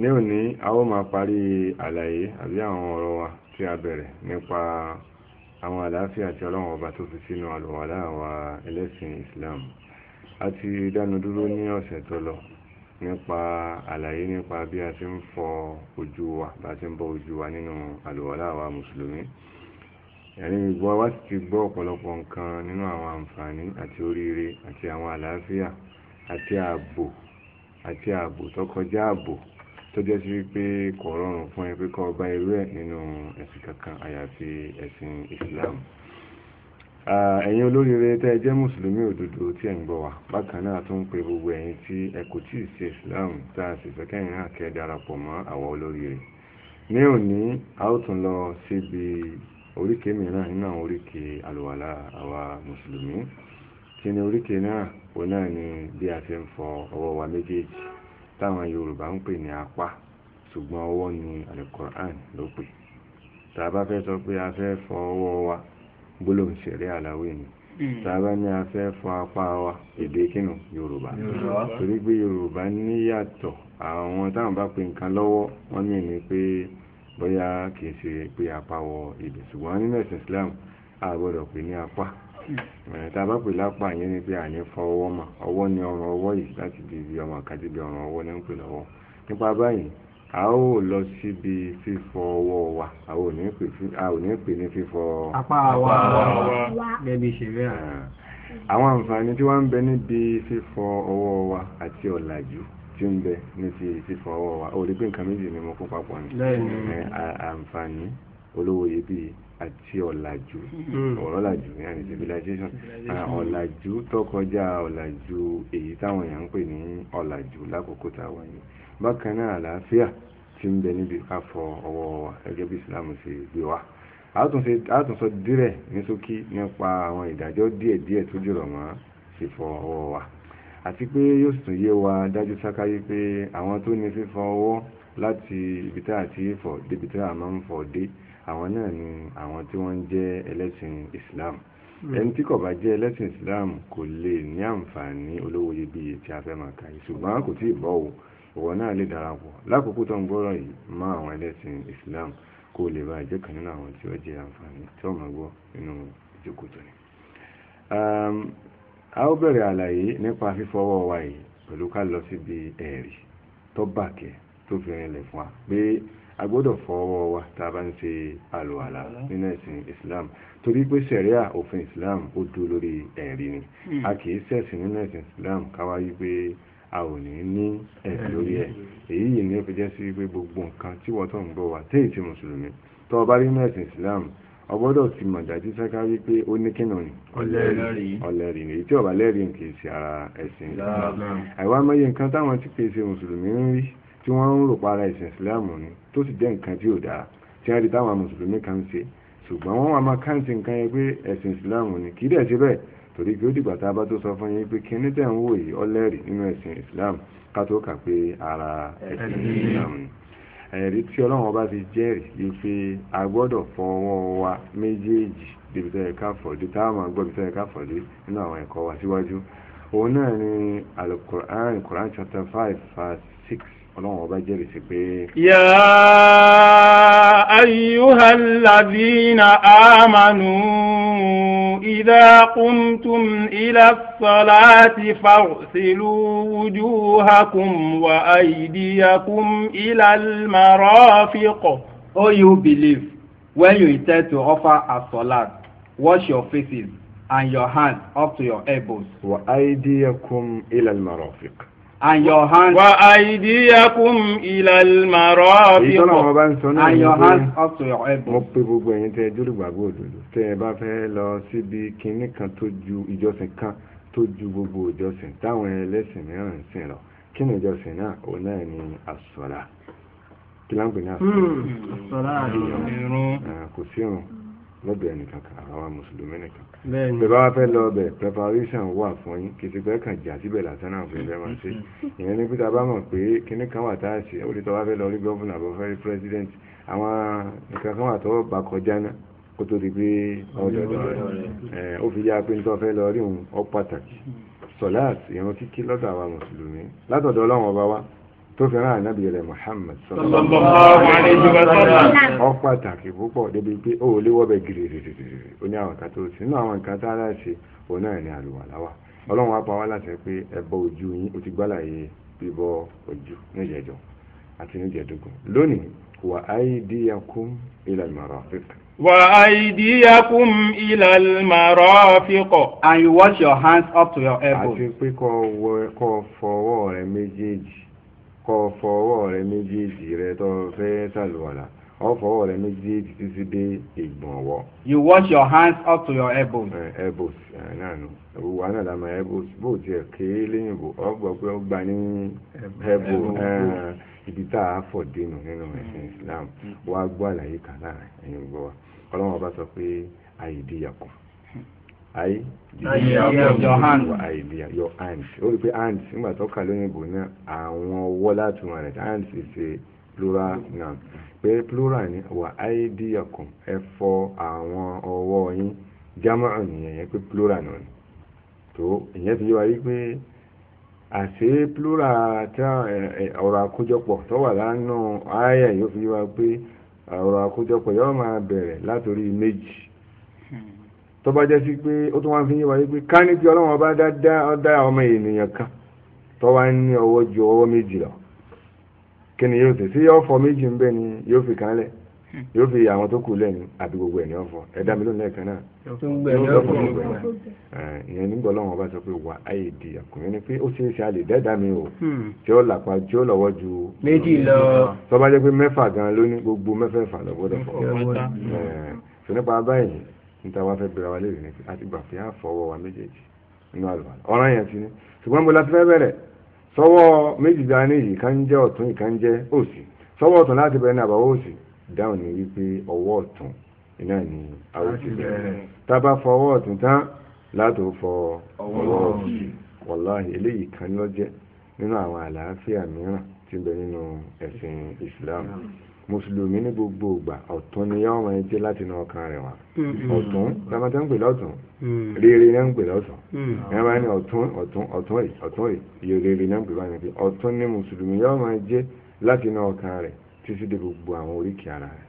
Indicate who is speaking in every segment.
Speaker 1: ní òní a ó máa parí àlàyé àbí àwọn ọ̀rọ̀ wa tí a bẹ̀rẹ̀ nípa àwọn àlàáfíà àti ọlọ́run ọba tó fi sínú àlùwàlá àwa ẹlẹ́sìn Islam a ti dánu dúró ní ọ̀sẹ̀ tó lọ nípa àlàyé nípa bí a ti ń fọ ojú wa bá ti ń bọ ojú wa nínú àlùwàlá àwa mùsùlùmí ẹ̀rí ìgbọ́ wa ti gbọ́ ọ̀pọ̀lọpọ̀ nǹkan nínú àwọn àǹfààní àti oríire àti àwọn àlàáfíà àti ààbò àti ààbò tó kọjá ààbò tó jẹ́ sí pé kò rọrùn fún ẹ pé kọ́ ọba irú nínú ẹ̀sìn kankan àyàfi ẹ̀sìn Islam ẹ̀yin olóríire tẹ́ jẹ́ mùsùlùmí òdodo tí ẹ̀ ń gbọ́ wa bákan náà tún ń pe gbogbo ẹ̀yin tí ẹ kò tí ì ṣe Islam tá a sì fẹ́ kẹ́yìn náà kẹ́ darapọ̀ mọ́ àwọn olóríire ní òní a ó tún lọ síbi oríkèé mìíràn nínú àwọn oríkèé àlùwàlá àwa mùsùlùmí kí ni oríkèé náà òun náà ni bí a ṣe ń fọ ọwọ́ wa méjèèjì táwọn Yorùbá ń pè ní apá ṣùgbọ́n ọwọ́ ni alukoran ló pè tá a bá fẹ́ sọ pé a fẹ́ fọ ọwọ́ wa gbólóhùn ṣẹ̀rí àlàwé ni hmm. tá a bá ní a fẹ́ fọ apá wa èdè kínú Yorùbá torí pé Yorùbá níyàtọ̀ àwọn táwọn bá pe nǹkan lọ́wọ́ wọ́n mì ní pé bóyá kìí ṣe pé apá wọ èdè ṣùgbọ́n nínú ẹ̀sìn Islam a gbọ́dọ̀ pè ní apá tá a bá pè lápá yẹn ni pé àní fọ ọwọ́ mà ọwọ́ ni ọrùn ọwọ́ yìí láti bí ibi ọmọ àkàtì bí ọrùn ọwọ́ ní ń pè lọ́wọ́ nípa báyìí a ó lọ síbi fífọ ọwọ́ wa a ò ní pè ní fífọ apá wa gẹ́gẹ́ bí ìṣeré àná àwọn àǹfààní tí wọ́n ń bẹ níbi fífọ ọwọ́ wa àti ọ̀làjú tí ń bẹ ní ti fífọ ọwọ́ wa ó rí pé nǹkan méjì ni mo kó papọ̀ ní àǹfààní olówó iyebíye àti ọ̀làjú hmm. ọ̀rọ̀ làjú ní àní civilization ah, ọ̀làjú tó kọjá ọ̀làjú èyí táwọn èèyàn ń pè ní ọ̀làjú lákòókò táwọn yìí bákan náà àlàáfíà ti ń bẹ níbi ká fọ ọwọ́ wa gẹ́gẹ́ bí Islam ṣe gbé wa àtúnṣe dírẹ̀ ní ṣókí nípa àwọn ìdájọ́ díẹ̀díẹ̀ tó jùlọ mọ́ fífọ ọwọ́ wa àti pé yóò sì tún yé wa dájú sákáyé pé àwọn tó ní fífọ ọwọ́ láti ibi tá àti fọ̀ débi tá a máa ń fọ̀ dé àwọn náà ni àwọn tí wọ́n ń jẹ́ ẹlẹ́sìn Islam hmm. ẹni tí kò bá jẹ́ ẹlẹ́sìn Islam kò lè ní àǹfààní olówó iyebíye tí a fẹ́ máa kà yìí ṣùgbọ́n kò tí ì bọ́ o ìwọ náà lè darapọ̀ lákòókò tó ń gbọ́rọ̀ yìí mọ́ àwọn ẹlẹ́sìn Islam kó lè bá jẹ́ kan nínú àwọn tí ó jẹ́ àǹfààní tí ó máa gbọ́ nínú ìjókòó tó ní. Ehm, a ó bẹ̀rẹ̀ àlàyé nípa fífọwọ́ wa yìí pẹ̀lú ká lọ síbi ẹ̀rí tó bàkẹ́ tó fi rinlẹ̀ fún wa pé a gbọ́dọ̀ fọwọ́ wa tá a bá ń ṣe àlùwàlà nínú ẹ̀sìn Islam torí pé sẹ̀ríà òfin Islam ó dúró lórí ẹ̀rí ni hmm. a kì í ṣẹ̀sìn nínú ẹ̀sìn Islam káwáyé pé a ò ní ní ẹ̀rí lórí ẹ̀ èyí yìí ni ó fi jẹ́ sí pé gbogbo nǹkan tí wọ́n tó ń gbọ́ wa téè ti mùsùlùmí tó o bá rí nínú ẹ̀sìn Islam o gbọ́dọ̀ ti mọ̀ dájú sẹ́ká wípé ó ní kínà ni ọ̀lẹ́rìí ni tí ọ̀bá lẹ́rìí kì í ṣe ara ẹ̀sìn Islam àìwá mọ́yé nǹkan táwọn tí kì í ṣe mùsùlùmí ń rí tí wọ́n ń rò para ẹ̀sìn ìsìláàmù ni tó sì jẹ́ nǹkan tí ò dáa tí wọ́n rí táwọn mùsùlùmí kan ń ṣe ṣùgbọ́n wọ́n wà máa káǹtì nǹkan yẹn pé ẹ̀sìn ìsìláàmù ni kì í dẹ̀ ṣe bẹ́ẹ̀ torí pé ó dìgbà tá a bá tó sọ fún yín pé kíní tẹ̀ ń wò yìí ọlẹ́rì nínú ẹ̀sìn ìsìláàmù ká tó kà pé ara ẹ̀sìn ìsìláàmù ni ẹ̀rí tí ọlọ́run ọba ti jẹ́rìí ife agbọ́dọ̀ fọwọ́ wa méjèèjì débi tó yẹ wa síwájú ọlọ́run ọba jẹ́rìí sí pé. yà ayyuhal ladina amanu idha qumtum ila salati fagsilu wujuhakum wa aydiyakum ila almarafiq. O you believe when you intend to offer a salat wash your faces and your hands up to your elbows. wa aydiyakum ila almarafiq and your hands. wa aidiyakum ilal marafiq. èyí tọ́lá wọn bá ń sọ náà and your up to your elbow. mo pe gbogbo ẹ̀yin tẹ́ ẹ dúró gbàgbọ́ òdodo tẹ́ ẹ bá fẹ́ lọ síbi kinní kan tó ju ìjọsìn kan tó ju gbogbo ìjọsìn táwọn ẹlẹ́sìn mìíràn ń sìn lọ kí ni ìjọsìn náà òun náà ni àsọ̀lá kí láǹpẹ̀ ní àsọ̀lá hmm, kò sí irun lọ́bẹ̀ ẹnìkankan àwa mùsùlùmí nìkan. bẹ́ẹ̀ bá wá fẹ́ lọ ọbẹ̀ preparation wà fún yín kì í ti pẹ́ kàn jà síbẹ̀ lásán náà fún ìfẹ́ máa ṣe ìyẹn ní pété abámọ̀ pé kíní kan wà tá a ṣe ó lè tọ́ wá fẹ́ lọ rí gọ́vùnà àbọ̀ fẹ́ rí president àwọn nǹkan kan wà tọ́wọ́ bá kọjá náà kó tó di pé ọ̀dọ̀dọ̀ rẹ̀ ó fi yá pé nítorí fẹ́ lọ rí òun ọ pàtàkì sọ̀láàt ìrun kíkí lọ́dọ̀ àwa mùsùlùmí látọ̀dọ̀ ọlọ́run ọba wa tó fi rán ànábì rẹ̀ Muhammad sallallahu alaihi púpọ̀ débi pé ó lè wọ́bẹ̀ gìrìrìrìrì ó ní àwọn nǹkan tó sí inú àwọn nǹkan tá a láṣẹ òun náà ní àlùwàlá ọlọ́run wa pa wá láṣẹ pé ẹbọ ojú yín ó ti gbálàyé bíbọ ojú níjẹjọ àti níjẹdógún lónìí wà aydiyakum ila al-marafiq. wà aydiyakum ila al-marafiq. and you wash your hands up to your elbows. àti pé kọ́ fọwọ́ rẹ méjèèjì kọ́ fọwọ́ rẹ méjèèjì rẹ tó fẹ́ sàlùwàlà ọ fọwọ́ rẹ títí dé ìgbọ̀nwọ́. you wash your hands up to your elbows. Eh, elbows náà nù wà náà la mọ elbows bó tiẹ̀ ké lẹ́yìn bò ọ gbọ́ pé eh, ibi tá a fọ̀ dénú nínú ẹ̀sìn Islam mm. wàá gbọ́ àlàyé kan láàrin ẹ̀yìn gbọ́ wa ọlọ́run ọba sọ pé àyè ayi your hand your hand ó rí hand nígbà tó kà lóyìnbó náà àwọn ọwọ́ láti wọn rẹ̀ hand plural noun pé plural ni wà aydiyakum ẹ fọ àwọn ọwọ́ yín jama'u nìyẹn yẹn pé plural ni tó ìyẹn fi yé wa wípé àṣé plural tí ọ̀rọ̀ àkójọpọ̀ tó wà lánà yóò fi yé wa pé ọ̀rọ̀ àkójọpọ̀ yóò máa bẹ̀rẹ̀ látòrí méjì. Hmm. tó bá jẹ́ sí pé ó tún wá fi yé wa yé pé ká ní kí ọlọ́run ọba dá ọmọ ènìyàn kan tó wá ní ọwọ́ ju ọwọ́ méjì lọ kí ni yóò ṣe sí yóò fọ méjì ń bẹ ni yóò fi kan lẹ̀ yóò fi àwọn tó kù lẹ́nu àti gbogbo ẹ̀ ní ọ̀fọ̀ ẹ̀dá mi lónìí ẹ̀kan náà yóò sọ fún gbogbo ẹ̀ náà ìyẹn nígbà ọlọ́run ọba sọ pé wà áyè di ọkùnrin ni pé ó ṣe é ṣe àlè dẹ́ẹ̀dá mi o hmm. tí ó làpá tí ó lọ́wọ́ ju méjì lọ tó jẹ́ pé mẹ́fà gan lónìí gbogbo mẹ́fẹ̀ẹ̀fà lọ́gbọ́dọ̀ fọ́ nípa báyìí níta wá fẹ́ bẹ̀rẹ̀ wa léèrè ní pé a ti gbà pé a fọwọ́ wa méjèèjì nínú àlùfàlà ọ̀ràn yẹn ti ní ṣùgbọ́n bó láti fẹ́ bẹ̀rẹ̀ sọwọ́ méjì dáa ní yìí kan jẹ́ ọ̀tún yìí kan jẹ́ òsì sọwọ́ ọ̀tún láti bẹ̀rẹ̀ ní àbáwọ̀ òsì dáhùn ní wípé ọwọ́ ọ̀tún iná ni àwọn bẹ̀rẹ̀ tá a bá fọ ọwọ́ ọ̀tún tán látò fọ ọwọ́ òsì wàláhì eléyìí kan ló nínú àwọn àlàáfíà mìíràn tí bẹ nínú ẹ̀sìn Islam mùsùlùmí ní gbogbo ìgbà ọ̀tún ni yọ́ ọmọ ẹjẹ́ láti inú ọkàn rẹ̀ wá mm-hmm. ọ̀tún lamata ń pè lọ́tún mm-hmm. rere náà ń pè lọ́tún ẹ̀ mm-hmm. máa ní ọ̀tún ọ̀tún ọ̀tún rè ọ̀tún rè iye rere náà ń pè báyìí pé ọ̀tún ni mùsùlùmí yọ́ ọmọ ẹjẹ́ láti inú ọkàn rẹ̀ títí dé gbogbo àwọn oríkì ara rẹ̀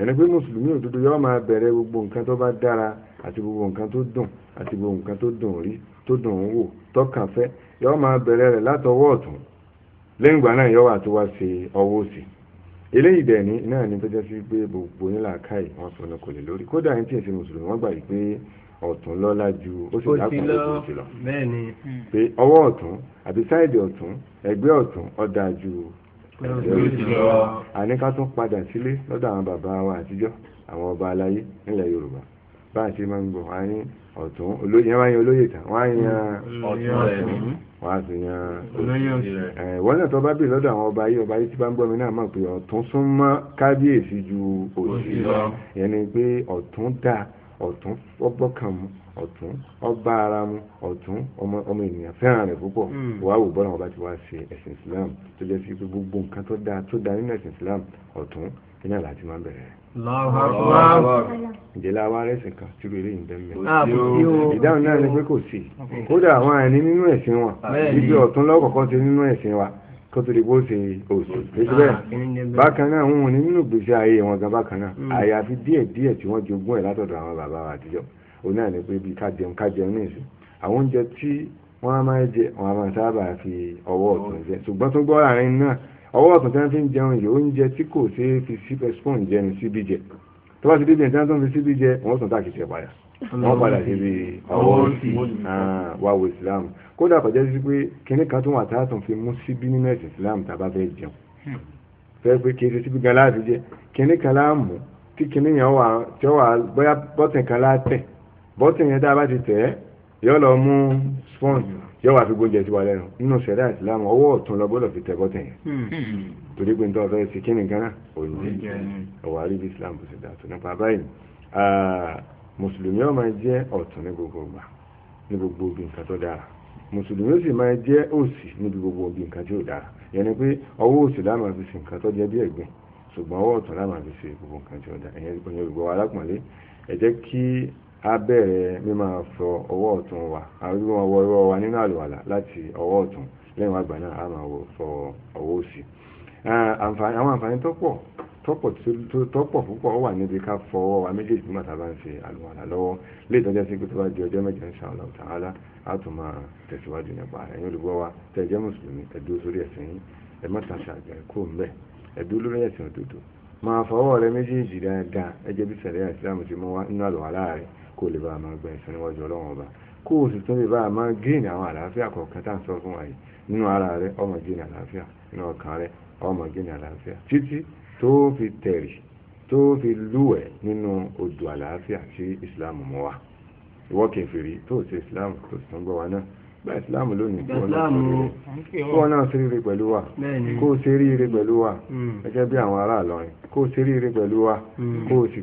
Speaker 1: ẹni pé mùsùlùmí òdodo yọ́ máa bẹ̀rẹ̀ gbogbo nǹkan tó bá dára àti gbogbo nǹkan tó dùn àti gbogbo nǹkan tó dùn rí tó dùn ún wò tọ́kàn fẹ́ yọ́ máa eléyìí dẹ̀ ní náà ní tó jẹ́ sí pé gbogbo nílà káì wọ́n sọnù kò lè lórí kódà ní tí èsì mùsùlùmí wọ́n gbà yìí pé ọ̀tún lọ́lá ju ó sì dákun lójú ti lọ pé ọwọ́ ọ̀tún àbí sáìdì ọ̀tún ẹgbẹ́ ọ̀tún ó ju ẹgbẹ́ òsì lọ padà sílé lọ́dọ̀ àwọn bàbá wa àtijọ́ àwọn ọba aláyé nílẹ̀ Yorùbá bá a ṣe máa ń gbọ́ wọ́n á ní ọ̀tún olóyè wọ́n á yan olóyè tán wọ́n á yan ọ̀tún rẹ̀ ní wọ́n á sì yan olóyè òsì rẹ̀. wọ́n náà tó bá bè lọ́dọ̀ àwọn ọba yìí ọba yìí tí bá ń gbọ́ mi náà mọ̀ pé ọ̀tún súnmọ́ kábíyèsí ju òsì lọ ìyẹn ni pé ọ̀tún dáa ọ̀tún ọgbọ́kàn mu ọ̀tún ọba ara mu ọ̀tún ọmọ ènìyàn fẹ́ràn rẹ̀ púpọ̀ hmm. wà á wò bọ́lá wọn bá ti wá ṣe ẹ̀sìn Islam tó jẹ́ sí gbogbo nǹkan tó dáa tó dáa nínú ẹ̀sìn Islam ọ̀tún kí náà láti máa bẹ̀rẹ̀ rẹ̀. ǹjẹ́ la wá rẹ̀sìn kan tí ilé yìí bẹ́ẹ̀ mẹ́rin. Ah, ìdáhùn náà ni pé kò sí kódà àwọn àìní nínú ẹ̀sìn wọn ibi ọ̀tún lọ́kọ̀ọ́kọ́ ti nínú ẹ̀sìn wa kó tó di bó ṣe òsì èsì ah, bẹ́ẹ̀ bákan náà wọn ò ní nínú gbèsè ayé wọn gan bákan náà hmm. àyàfi díẹ̀ díẹ̀ tí wọ́n jogún ẹ̀ látọ̀dọ̀ àwọn bàbá wa àtijọ́ òun náà ni pé bí ká jẹun ká jẹun ní ìsìn àwọn oúnjẹ tí wọ́n máa jẹ wọ́n máa sábà fi ọwọ́ ọ̀tún jẹ ṣùgbọ́n tó gbọ́ láàrin náà ọwọ́ ọ̀tún tí wọ́n fi ń jẹun yìí oúnjẹ tí kò ṣeé fi spoon jẹ ní síbí jẹ tó bá ti dé bíi ìtẹ́ńtọ́ fi síbí jẹ wọ́n sùn táàkì ṣe padà wọ́n padà sí ibi ọwọ́ òsì wà wò Islam kódà kọjá sí pé kínní kan tó wà tá a tún fi mú síbí nínú ẹ̀sìn Islam tá a bá fẹ́ jẹun fẹ́ pé kì í ṣe síbí gan láti jẹ kínní kan láàmú tí kínní yẹn wà tí ó wà bóyá bọ́tìn kan láàtẹ̀ bọ́tìn yẹn tá a bá ti tẹ̀ ẹ́ yóò lọ mú sponge yóò wá fi gbóúnjẹ sí wa lẹ́nu nínú sẹ̀rẹ́ àtìlámù ọwọ́ ọ̀tún lọ gbọ́dọ̀ fi tẹ̀kọ́ tẹ̀yìn hmm. torí pé nítorí ọ̀fẹ́ sí kíni gánà oúnjẹ ọ̀wà rí bí Islam bó ṣe dà tó nípa báyìí mùsùlùmí ó máa jẹ́ ọ̀tún ní gbogbo ìgbà ní gbogbo ibi nǹkan tó dára mùsùlùmí ó sì máa jẹ́ òsì níbi gbogbo ibi nǹkan tí ò dára yẹn ni pé ọwọ́ òsì la máa fi sí nǹkan tó jẹ́ bí ẹ̀gbin ṣùgbọ́n ọwọ́ ọ̀tún la máa fi sí gbogbo nǹkan tí ò dára ẹ̀yẹn gbogbo alákùnrin ẹ jẹ́ kí a bẹ̀rẹ̀ mímọ́ fọ ọwọ́ ọ̀tún wa àwọn ìgbìmọ̀ wọ ọwọ́ wa nínú àlùwàlà láti ọwọ́ ọ̀tún lẹ́yìn wàgbà náà a máa fọ ọwọ́ òsì àwọn àǹfààní tọ́pọ̀ tọ́pọ̀ púpọ̀ wà níbi ká fọ ọwọ́ wa méjèèjì nígbà tá a bá ń ṣe àlùwàlà lọ́wọ́ lè tọ́jà sí pé tó bá di ọjọ́ mẹ́jọ ń ṣàlọ́ tààlà á tún máa tẹ̀síwájú nípa ẹ̀yin olùgbọ́ wa tẹ̀ jẹ́ mùsùlùmí ẹ̀dú sórí ẹ̀sìn yín ẹ̀ má tàṣà àgbà ẹ̀kọ́ ń bẹ̀ ẹ̀dú lórí ẹ̀sìn òdodo máa fọwọ́ rẹ méjèèjì dáadáa ẹjẹ́ bí sẹ̀rẹ̀ àìsílámù ti mọ́ wá nínú àlùwàlà rẹ̀ kó lè bá a máa gba ìsan níwájú ọlọ́run ọba kó o sì tún lè bá a máa gíìn àwọn àlàáfíà kọ̀ọ̀kan tá à ń sọ fún wa yìí nínú ara rẹ ọmọ gíìn àlàáfíà nínú ọkàn rẹ ọmọ gíìn àlàáfíà títí tó fi tẹ̀rì tó fi lúwẹ̀ nínú odò àlàáfíà tí ìsìláàmù mú wa ìwọ kèfèrí tó ṣe ìsìláàmù tó sì tún gbọ́ wa náà gba ìsìláàmù lónìí kó wọn náà ṣe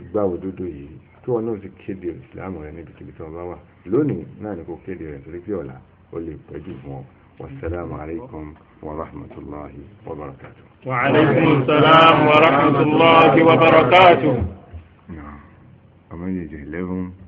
Speaker 1: ríire kí wọn náà ti kéde ìsìlámù rẹ níbikíbi tí wọn bá wà lónìí náà ni kò kéde rẹ torí pé ọ̀la ó lè pẹ́jù fún ọ wasalaamu alaykum wa rahmatulahi wa barakatu.
Speaker 2: wa aleykum salaam wa rahmatulahi wa barakatu.
Speaker 1: ọmọ yìí jẹ́ eleven.